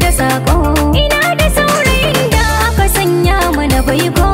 da sako ina da saurayin da aka sanya mana baiko.